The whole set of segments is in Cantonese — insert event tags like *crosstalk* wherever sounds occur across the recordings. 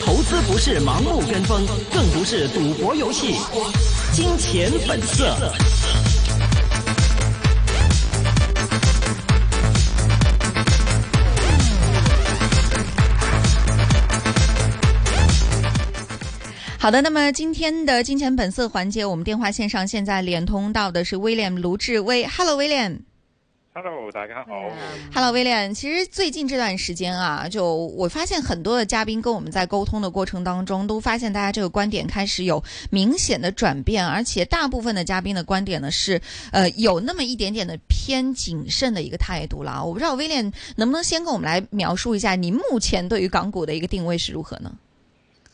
投資不是盲目跟風，更不是賭博遊戲。金錢本色。好的，那麼今天的金錢本色環節，我們電話線上現在連通到的是威廉，盧志威。Hello，威廉。Hello，大家好。Hello，威廉，其實最近這段時間啊，就我發現很多的嘉賓跟我們在溝通的過程當中，都發現大家這個觀點開始有明顯的轉變，而且大部分的嘉賓的觀點呢，是，呃，有那麼一點點的偏謹慎的一個態度啦。我不知道威廉能不能先跟我們來描述一下，您目前對於港股的一個定位是如何呢？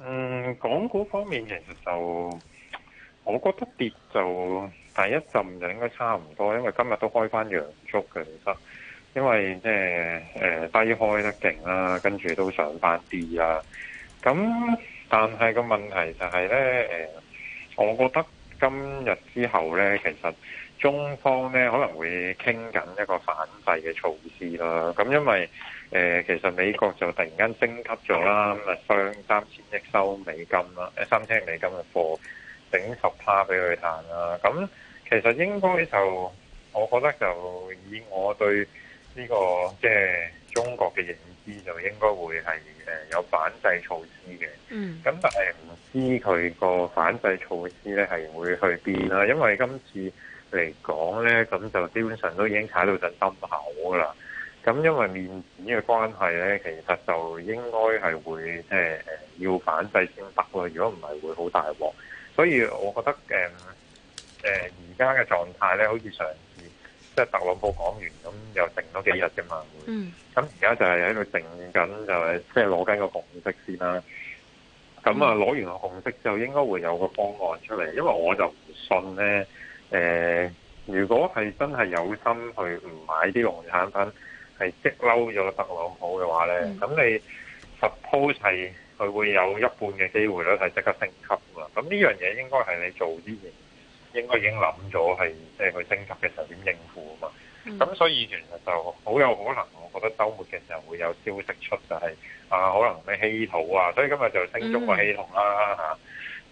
嗯，港股方面其實就，我覺得跌就。第一陣就應該差唔多，因為今日都開翻陽燭嘅，其實因為即係誒低開得勁啦，跟住都上翻啲啦。咁但係個問題就係、是、呢，誒、呃，我覺得今日之後呢，其實中方呢可能會傾緊一個反制嘅措施啦。咁因為誒、呃、其實美國就突然間升級咗啦，咁啊雙三千億收美金啦，誒三千億美金嘅貨頂十趴俾佢彈啦。咁其實應該就，我覺得就以我對呢個即係中國嘅認知，就應該會係誒有反制措施嘅。嗯。咁但係唔知佢個反制措施咧係會去邊啦？因為今次嚟講咧，咁就基本上都已經踩到陣心口啦。咁因為面子嘅關係咧，其實就應該係會即係誒要反制先得咯。如果唔係，會好大鑊。所以我覺得誒。誒而家嘅狀態咧，好似上次即係特朗普講完咁，又定咗幾日啫嘛。嗯。咁而家就係喺度定緊，就係即係攞緊個紅色先啦。咁啊，攞完紅色之後，應該會有個方案出嚟。因為我就唔信咧。誒、呃，如果係真係有心去唔買啲農產品，係激嬲咗特朗普嘅話咧，咁、嗯、你 suppose 係佢會有一半嘅機會率係即刻升級㗎嘛？咁呢樣嘢應該係你做啲嘢。應該已經諗咗係即係佢升級嘅時候點應付啊嘛，咁、mm hmm. 所以其實就好有可能，我覺得週末嘅時候會有消息出就、啊，就係啊可能咩稀土啊，所以今日就升咗個稀土啦、啊、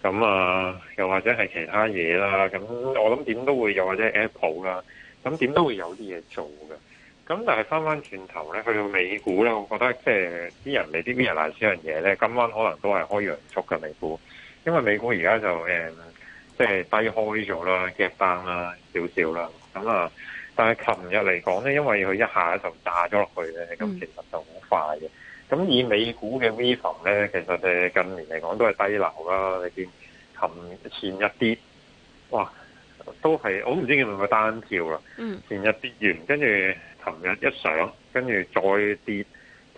嚇，咁、mm hmm. 啊又或者係其他嘢啦，咁我諗點都會又或者 Apple 啦，咁點都會有啲嘢做嘅，咁但係翻翻轉頭咧去到美股啦，我覺得即係啲人未必 v i t a l 樣嘢咧，今晚可能都係開陽燭嘅美股，因為美股而家就誒。嗯即係低開咗啦 gap down 啦，少少啦。咁啊，但係琴日嚟講咧，因為佢一下就炸咗落去咧，咁、mm. 其實就好快嘅。咁以美股嘅 VIX 咧，其實誒近年嚟講都係低流啦。你見琴前一啲，哇，都係我唔知佢會唔會單跳啦。嗯。Mm. 前日跌完，跟住琴日一上，跟住再跌。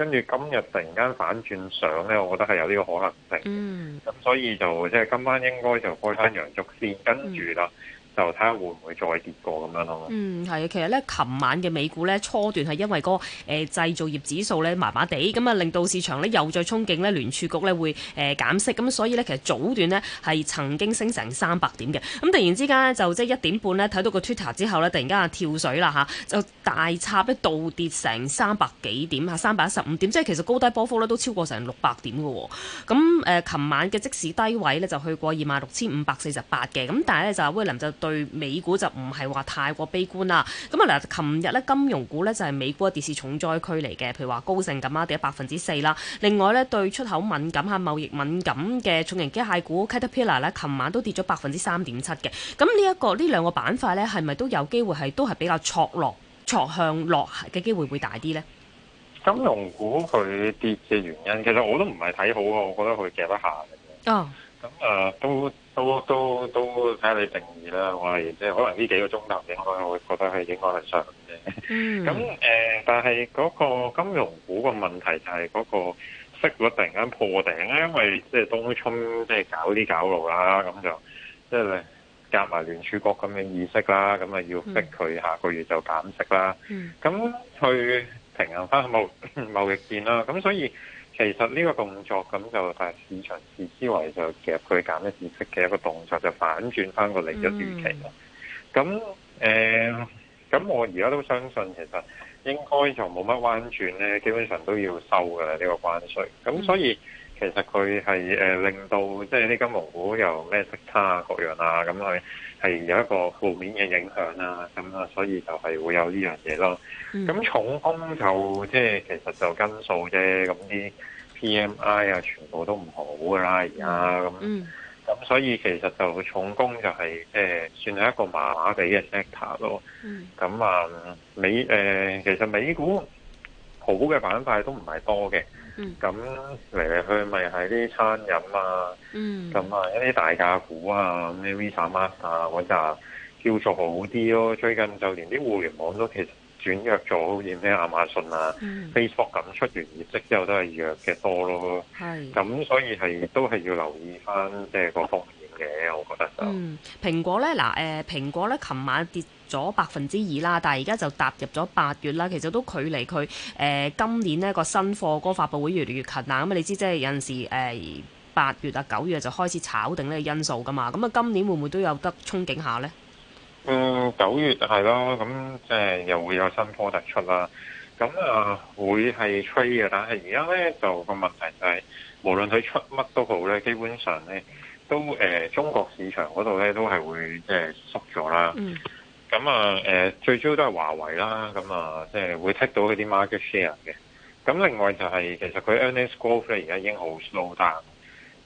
跟住今日突然間反轉上呢，我覺得係有呢個可能性。咁、嗯嗯、所以就即係今晚應該就開翻陽燭線，跟住啦。嗯就睇下會唔會再跌過咁樣咯。嗯，係啊，其實呢，琴晚嘅美股呢，初段係因為嗰、那、誒、個呃、製造業指數咧麻麻地，咁啊令到市場呢又再憧憬呢聯儲局呢會誒、呃、減息，咁所以呢，其實早段呢係曾經升成三百點嘅，咁、嗯、突然之間咧就即係一點半呢睇到個 Twitter 之後呢，突然間啊跳水啦吓就大插一度跌成三百幾點嚇，三百一十五點，即係其實高低波幅呢都超過成六百點嘅喎、哦。咁、嗯、誒，琴、呃、晚嘅即使低位呢，就去過二萬六千五百四十八嘅，咁但係呢，就威廉就對，對美股就唔係話太過悲觀啦，咁啊嗱，琴日咧金融股咧就係美國嘅跌市重災區嚟嘅，譬如話高盛咁啊跌咗百分之四啦，另外咧對出口敏感吓貿易敏感嘅重型機械股 Caterpillar 咧，琴晚都跌咗百分之三點七嘅，咁呢一個呢兩個板塊咧係咪都有機會係都係比較挫落挫向落嘅機會會大啲呢？金融股佢跌嘅原因，其實我都唔係睇好啊，我覺得佢夾得下嘅，咁啊、oh. 嗯呃、都。都都都睇下你定義啦，我係即係可能呢幾個鐘頭應該我覺得係應該係上嘅。咁誒、嗯 *laughs* 呃，但係嗰個金融股個問題就係嗰個息率突然間破頂咧，因為即係冬春即係搞啲搞路啦，咁就即係夾埋聯儲局咁嘅意識啦，咁啊要逼佢、嗯、下個月就減息啦，咁、嗯、去平衡翻貿貿易戰啦，咁所以。其實呢個動作咁就，但係市場視之為就其實佢減一次息嘅一個動作，就反轉返過嚟利益預期啦。咁誒、嗯，咁、呃、我而家都相信其實應該就冇乜彎轉咧，基本上都要收㗎喇呢個關稅。咁所以其實佢係誒令到即係呢金融股又咩息差啊各樣啊咁去。係有一個負面嘅影響啦，咁啊，所以就係會有呢樣嘢咯。咁、嗯、重工就即係其實就跟數啫，咁啲 PMI 啊，全部都唔好噶啦，而家咁。咁、嗯、所以其實就重工就係、是、即、呃、算係一個麻麻地嘅 sector 咯。咁、嗯、啊，美誒、呃、其實美股好嘅板塊都唔係多嘅。咁嚟嚟去咪係啲餐飲啊，咁、嗯、啊一啲大價股啊，咩 Visa、Mark 啊，或者叫做好啲咯。最近就連啲互聯網都其實轉弱咗，好似咩亞馬遜啊、嗯、Facebook 咁出完業績之後都係弱嘅多咯。係咁是，所以係都係要留意翻即係個方面嘅，我覺得就蘋、嗯、果咧嗱，誒，蘋果咧琴晚跌咗百分之二啦，但係而家就踏入咗八月啦，其實都距離佢誒、呃、今年呢個新貨嗰個發布會越嚟越近啦。咁、嗯、啊，你知即係有陣時誒八、呃、月啊九月就開始炒定呢個因素噶嘛。咁啊，今年會唔會都有得憧憬下呢？嗯，九月係咯，咁即係又會有新貨突出啦。咁啊、呃，會係吹嘅，但係而家呢，就個問題就係、是，無論佢出乜都好咧，基本上呢，都誒、呃、中國市場嗰度呢，都係會即係縮咗啦。嗯咁啊，誒，最主要都係華為啦，咁啊，即係會剔到嗰啲 market share 嘅。咁另外就係、是、其實佢 annual growth 咧，而家已經好 slow down。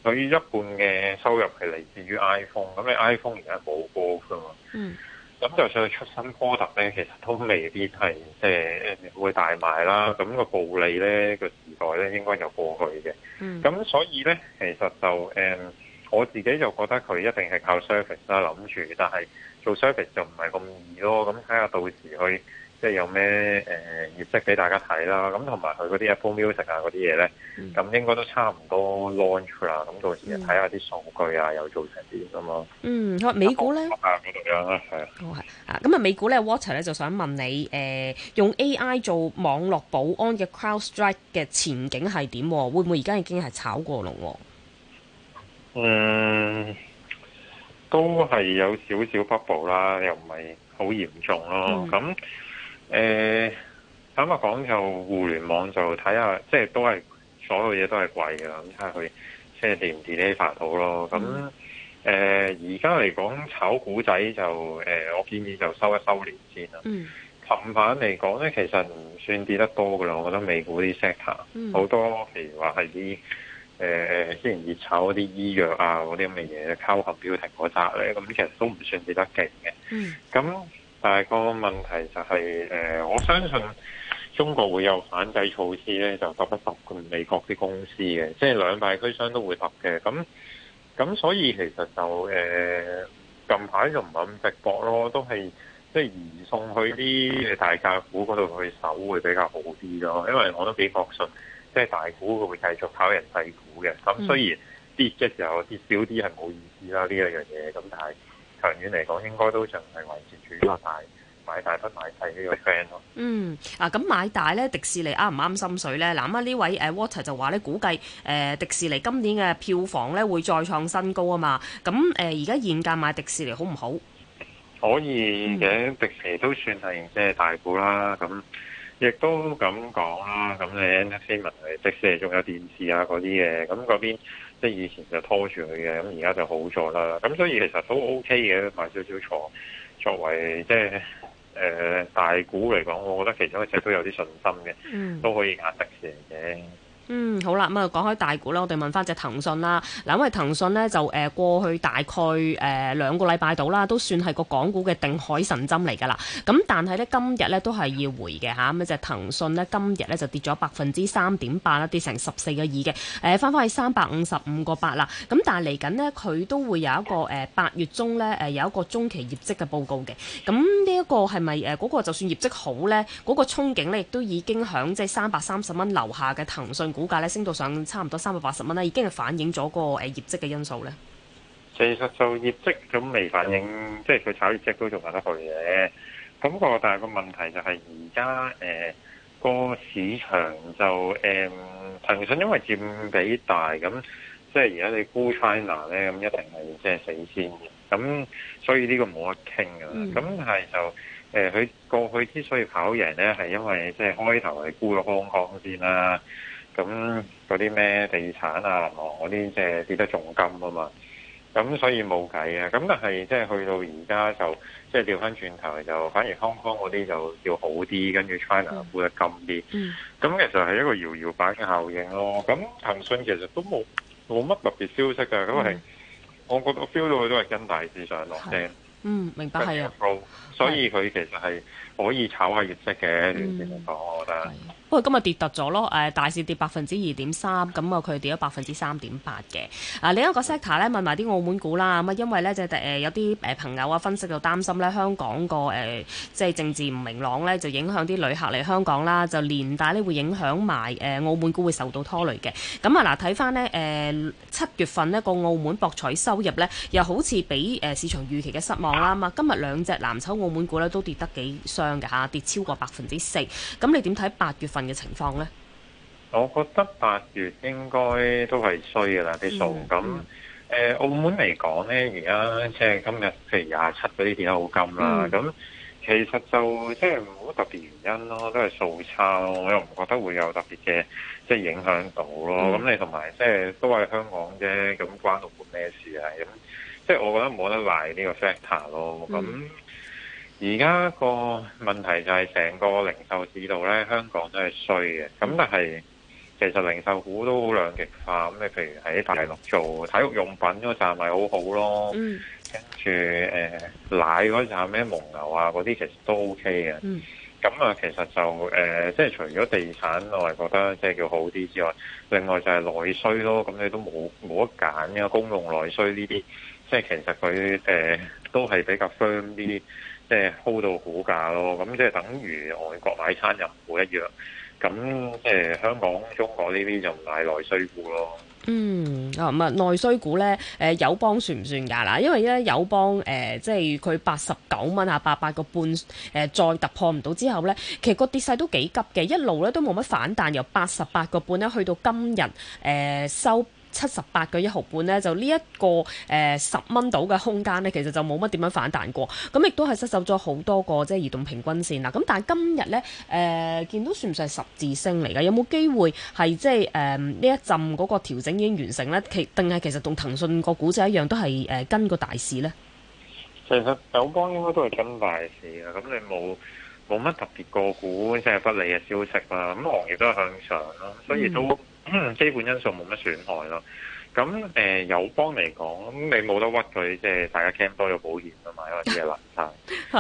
佢一半嘅收入係嚟自於 iPhone，咁你 iPhone 而家冇 growth 㗎嘛。嗯。咁就算佢出新 product 咧，其實都未必係即係會大賣啦。咁、那個暴利咧，個時代咧，應該就過去嘅。嗯。咁所以咧，其實就 N。嗯我自己就覺得佢一定係靠 service 啦，諗住，但係做 service 就唔係咁易咯。咁睇下到時去即係有咩誒、呃、業績俾大家睇啦。咁同埋佢嗰啲 Apple Music 啊嗰啲嘢咧，咁、嗯、應該都差唔多 launch 啦。咁到時就睇下啲數據啊，又做成點咁啊。嗯，佢美股咧啊，嗰樣啦，係啊，好啊。咁啊，美股咧、啊、Water 咧就想問你誒、呃，用 AI 做網絡保安嘅 CrowdStrike 嘅前景係點？會唔會而家已經係炒過龍？嗯，都係有少少 bubble 啦，又唔係好嚴重咯。咁、嗯，誒，坦白講就互聯網就睇下，即係都係所有嘢都係貴嘅，咁睇下佢即係掂唔掂呢，快到咯。咁、嗯，誒，而家嚟講炒股仔就，誒、呃，我建議就收一收年先啦。嗯，近排嚟講咧，其實唔算跌得多噶啦。我覺得美股啲 sector 好多，譬如話係啲。誒誒，雖然、呃、熱炒啲醫藥啊嗰啲咁嘅嘢，溝合標停嗰紮咧，咁其實都唔算跌得勁嘅。嗯。咁但係個問題就係、是、誒、呃，我相信中國會有反制措施咧，就不得不判美國啲公司嘅，即係兩敗俱傷都會落嘅。咁咁所以其實就誒、呃、近排就唔係咁直博咯，都係即係移送去啲大價股嗰度去守會比較好啲咯，因為我都幾確信。即係大股，佢會繼續炒人細股嘅。咁雖然跌嘅時候跌少啲係冇意思啦，呢一樣嘢。咁但係長遠嚟講，應該都仲係維持住大，買大不買細呢個 friend 咯、嗯啊。嗯啊，咁買大咧迪士尼啱唔啱心水咧？嗱、啊，咁呢位誒 Water 就話咧，估計誒、呃、迪士尼今年嘅票房咧會再創新高啊嘛。咁誒而家現價買迪士尼好唔好？可以嘅，迪士尼都算係即係大股啦。咁、嗯。亦都咁講啦，咁你 Netflix 係迪士尼，仲有電視啊嗰啲嘅，咁嗰邊即係以前就拖住佢嘅，咁而家就好咗啦。咁所以其實都 OK 嘅，買少少坐，作為即係誒、呃、大股嚟講，我覺得其中一隻都有啲信心嘅，都可以壓迪士尼嘅。嗯，好啦，咁啊講開大股啦。我哋問翻隻騰訊啦。嗱，因為騰訊呢，就誒、呃、過去大概誒兩、呃、個禮拜到啦，都算係個港股嘅定海神針嚟噶啦。咁但係呢，今日呢都係要回嘅吓，咁啊隻騰訊呢今日呢就跌咗百分之三點八啦，跌成十四個二嘅，誒翻翻去三百五十五個八啦。咁但係嚟緊呢，佢都會有一個誒八、呃、月中呢，誒有一個中期業績嘅報告嘅。咁呢一個係咪誒嗰個就算業績好呢，嗰、嗰個憧憬呢，亦都已經響即係三百三十蚊樓下嘅騰訊。股價咧升到上差唔多三百八十蚊啦，已經係反映咗個誒業績嘅因素咧。其實做業績咁未反映，即係佢炒業績都仲買得去嘅。咁個但係個問題就係而家誒個市場就誒、呃、騰訊因為佔比大，咁即係而家你沽 China 咧，咁一定係即係死先嘅。咁所以呢個冇得傾嘅啦。咁係、嗯、就誒佢、呃、過去之所以跑贏咧，係因為即係開頭係沽香港先啦。咁嗰啲咩地產啊，嗰啲即係跌得重金啊嘛，咁所以冇計啊。咁但係即係去到而家就即係調翻轉頭就反而 Hong Kong 嗰啲就要好啲，跟住 China 沽得金啲。咁、嗯嗯、其實係一個搖搖板嘅效應咯。咁騰訊其實都冇冇乜特別消息㗎。咁係、嗯、我覺得 feel 到佢都係跟大市上落嘅。嗯，明白係啊，的所以佢其實係可以炒下業績嘅，嗯、我覺得。的不過今日跌突咗咯，誒、呃、大市跌百分之二點三，咁啊佢跌咗百分之三點八嘅。啊另一個 sector 咧問埋啲澳門股啦，咁啊因為咧就係、呃、有啲誒朋友啊分析就擔心咧香港個誒、呃、即係政治唔明朗咧就影響啲旅客嚟香港啦，就連帶咧會影響埋誒、呃、澳門股會受到拖累嘅。咁啊嗱睇翻呢，誒、呃、七月份呢個澳門博彩收入咧又好似比誒市場預期嘅失望。啱啊，今日兩隻藍籌澳門股咧都跌得幾傷㗎吓，跌超過百分之四。咁你點睇八月份嘅情況咧？我覺得八月應該都係衰嘅啦啲數。咁誒澳門嚟講咧，而家即係今日譬如廿七嗰啲跌得好金啦。咁其實就即係冇乜特別原因咯，都係數差咯。我又唔覺得會有特別嘅即係影響到咯。咁你同埋即係都係香港啫，咁關澳門咩事啊？即係我覺得冇得賴呢個 factor 咯。咁而家個問題就係成個零售市道咧，香港真係衰嘅。咁但係其實零售股都好兩極化。咁你譬如喺大陸做體育用品嗰站咪好好咯。跟住誒奶嗰站咩蒙牛啊嗰啲其實都 OK 嘅。咁啊、嗯、其實就誒、呃、即係除咗地產我係覺得即係叫好啲之外，另外就係內需咯。咁你都冇冇得揀嘅公用內需呢啲。即係其實佢誒、呃、都係比較 firm 啲，即、呃、係 hold 到股價咯。咁即係等於外國買餐又唔會一樣。咁、呃、誒，香港中國呢啲就唔係內需股咯。嗯啊，唔啊，內需股咧，誒，友邦算唔算噶？嗱，因為咧友邦誒，即係佢八十九蚊啊，八八個半誒，再突破唔到之後咧，其實個跌勢都幾急嘅，一路咧都冇乜反彈，由八十八個半咧去到今日誒、呃、收。七十八個一毫半呢，就呢、這、一個誒、呃、十蚊到嘅空間呢，其實就冇乜點樣反彈過，咁亦都係失守咗好多個即係移動平均線啦。咁但係今日呢，誒、呃、見到算唔算係十字星嚟㗎？有冇機會係即係誒呢一陣嗰個調整已經完成呢？其定係其實同騰訊個股價一樣，都係誒跟個大市呢？其實友邦應該都係跟大市啊，咁你冇。冇乜特別個股即係、就是、不利嘅消息啦，咁、嗯、行業都係向上咯，所以都、嗯、基本因素冇乜損害咯。咁誒友邦嚟講，咁你冇得屈佢，即、就、係、是、大家 camp 多咗保險啊嘛，因為啲嘢難爭，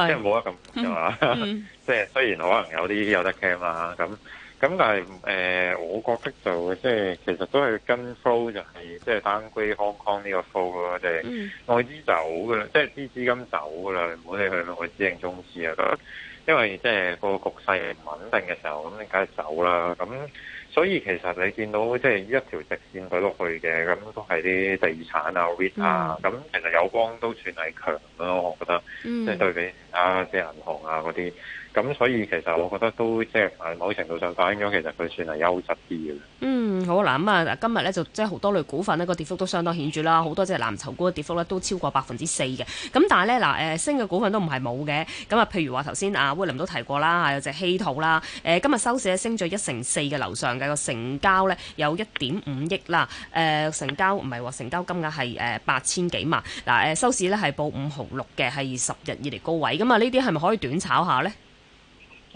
即係冇得咁啫嘛。嗯、 *laughs* 即係雖然可能有啲有得 camp 啊，咁咁但係誒、呃，我覺得就即、是、係其實都係跟 flow 就係即係 downgrade Hong Kong 呢個 flow 啦，即係外資走噶啦，即係啲資金走噶啦，唔好理佢外資型中資啊，覺得。因為即係個局勢唔穩定嘅時候，咁你梗係走啦。咁所以其實你見到即係一條直線佢落去嘅，咁都係啲地產啊、REIT 啊，咁、mm hmm。其實友邦都算係強咯。我覺得，mm hmm。即係對比啊，即係銀行啊嗰啲。咁所以其實我覺得都即係某程度上反映咗，其實佢算係優質啲嘅、嗯。嗯，好嗱咁啊，今日咧就即係好多類股份呢個跌幅都相當顯著啦。好多即係藍籌股嘅跌幅咧都超過百分之四嘅。咁但係咧嗱誒，升嘅股份都唔係冇嘅。咁、呃、啊，譬如話頭先阿威廉都提過啦，有隻稀土啦。誒、呃，今日收市升咗一成四嘅樓上嘅個成交咧有一點五億啦。誒，成交唔係話成交金額係誒八千幾萬嗱誒、呃，收市咧係報五毫六嘅，係十日以嚟高位咁啊。呢啲係咪可以短炒下咧？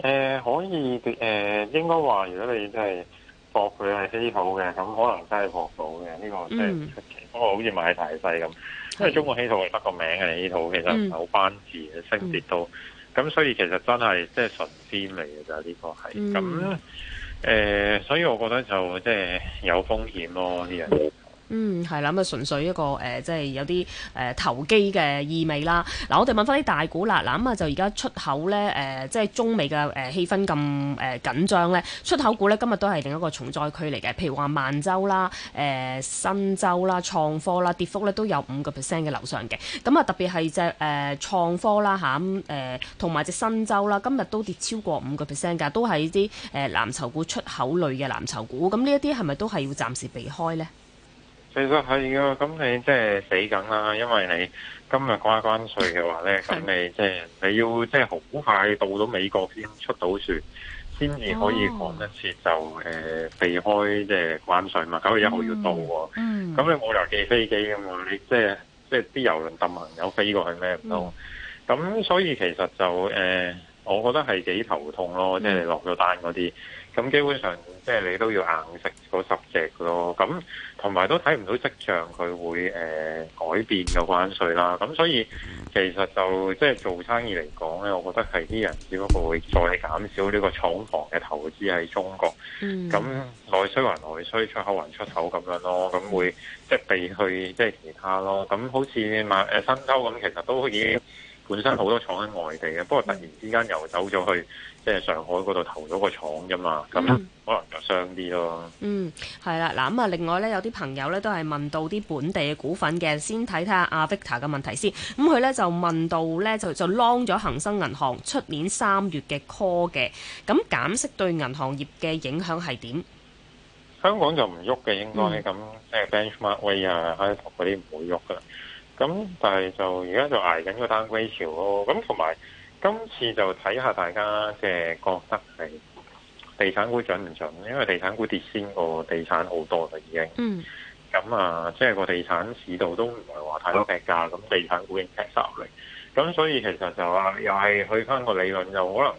誒、呃，可以嘅，誒、呃，應該話如果你真係博佢係稀土嘅，咁可能真係博到嘅，呢、這個真係唔出奇。不過、嗯、好似買大細咁，的因為中國稀土係得個名嘅，你稀土其實唔係好班字嘅，嗯、升跌都，咁、嗯、所以其實真係即係神仙嚟嘅就係、是、呢、這個係。咁誒、嗯呃，所以我覺得就即係、就是、有風險咯，呢樣嘢、嗯。嗯嗯，係啦，咁啊，純粹一個誒、呃，即係有啲誒、呃、投機嘅意味啦。嗱，我哋問翻啲大股啦。嗱，咁啊，就而家出口咧誒、呃，即係中美嘅誒、呃、氣氛咁誒、呃、緊張咧，出口股咧今日都係另一個重災區嚟嘅。譬如話萬洲啦、誒、呃、新洲啦、創科啦，跌幅咧都有五個 percent 嘅樓上嘅。咁啊，特別係隻誒創科啦嚇咁同埋隻新州啦，今日都跌超過五個 percent 㗎，呃呃、都係啲誒藍籌股出口類嘅藍籌股。咁呢一啲係咪都係要暫時避開咧？其實係啊，咁你即係死梗啦，因為你今日關關稅嘅話咧，咁的你即、就、係、是、你要即係好快到到美國先出到船，先至可以講一次就誒、oh. 呃、避開即係關稅嘛。九月一號要到喎，咁、mm. 你冇理由寄飛機噶嘛？你即係即係啲遊輪特行有飛過去咩唔到。咁、mm. 所以其實就誒、呃，我覺得係幾頭痛咯，即係落咗單嗰啲。Mm. 咁基本上，即係你都要硬食嗰十隻嘅咯。咁同埋都睇唔到迹象佢會誒、呃、改變嘅關稅啦。咁所以其實就即係做生意嚟講咧，我覺得係啲人只不過會再減少呢個廠房嘅投資喺中國。咁內、嗯、需還內需，出口還出口咁樣咯。咁會即係避去即係其他咯。咁好似買誒新洲咁，其實都已經。嗯、本身好多廠喺外地嘅，嗯、不過突然之間又走咗去即係、就是、上海嗰度投咗個廠啫嘛，咁、嗯、可能就傷啲咯。嗯，係啦，嗱咁啊，另外咧有啲朋友咧都係問到啲本地嘅股份嘅，先睇睇下、啊、阿 Victor 嘅問題先。咁佢咧就問到咧就就 long 咗恒生銀行出年三月嘅 call 嘅，咁減息對銀行業嘅影響係點？香港就唔喐嘅應該咁，即係、嗯、benchmark 位啊，喺嗰啲唔會喐噶。咁但係就而家就捱緊個 downgrade 潮咯，咁同埋今次就睇下大家即係覺得係地產股準唔準？因為地產股跌先過地產好多啦已經。嗯。咁啊，即、就、係、是、個地產市道都唔係話太多劈價，咁地產股已經劈晒落嚟。咁所以其實就話、啊、又係去翻個理論，就可能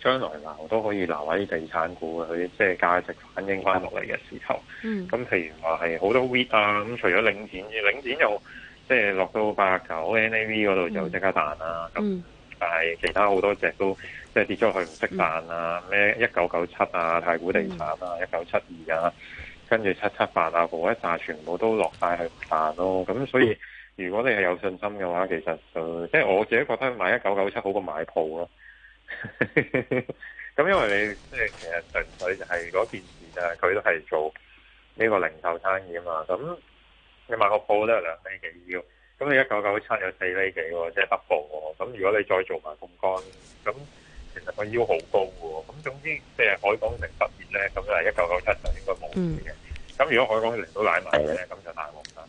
將來留都可以留喺地產股啊，佢即係價值反映翻落嚟嘅時候。嗯。咁譬如話係好多 REITs 啊，咁除咗領展，領展又。即係落到八九，NAV 嗰度就即刻彈啦。咁、嗯、但係其他好多隻都即係跌咗去唔識彈啊，咩一九九七啊，太古地產啊，一九七二啊，跟住七七八啊，嗰一紮全部都落晒去唔彈咯。咁、嗯、所以如果你係有信心嘅話，其實、嗯、即係我自己覺得買一九九七好過買鋪咯、啊。咁 *laughs* 因為你即係其實純粹就係、是、嗰件事就啊，佢都係做呢個零售生意啊嘛。咁你買個鋪都係兩厘幾腰，咁你一九九七有四厘幾喎，即係 double 喎。咁如果你再做埋槓桿，咁其實個腰好高嘅。咁總之，即係海港城實現咧，咁就一九九七就應該冇嘅。咁如果海港城都奶埋咧，咁就大鑊啦。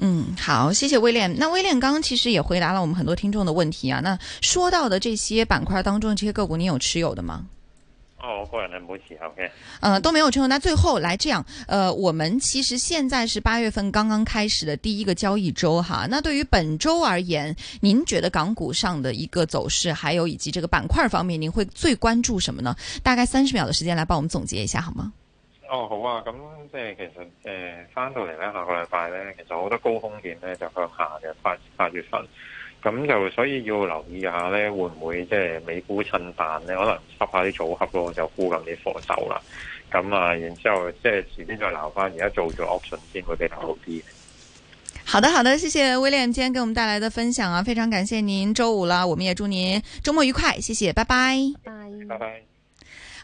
嗯，好，謝謝威廉。那威廉剛剛其實也回答了我們很多聽眾的問題啊。那說到的這些板塊當中的這些個股，你有持有的嗎？哦，我個人係冇時候嘅，嗯、呃，都沒有中。那最後來這樣，呃，我們其實現在是八月份剛剛開始的第一個交易周，哈。那對於本周而言，您覺得港股上的一個走勢，還有以及這個板塊方面，您會最關注什麼呢？大概三十秒的時間來幫我們總結一下，好嗎？哦，好啊，咁即係其實，誒、呃，翻到嚟咧，下、下個禮拜咧，其實好多高風險咧就向下嘅八八月份。咁就所以要留意下咧，會唔會即係美股趁彈咧？可能執下啲組合咯，就沽緊啲貨走啦。咁啊，然之後即係前邊再留翻，而家做咗 Option 先會比較好啲。好的，好的，謝謝 William，今天給我們帶來的分享啊，非常感謝您。周五啦，我們也祝您周末愉快，謝謝，拜拜，拜拜。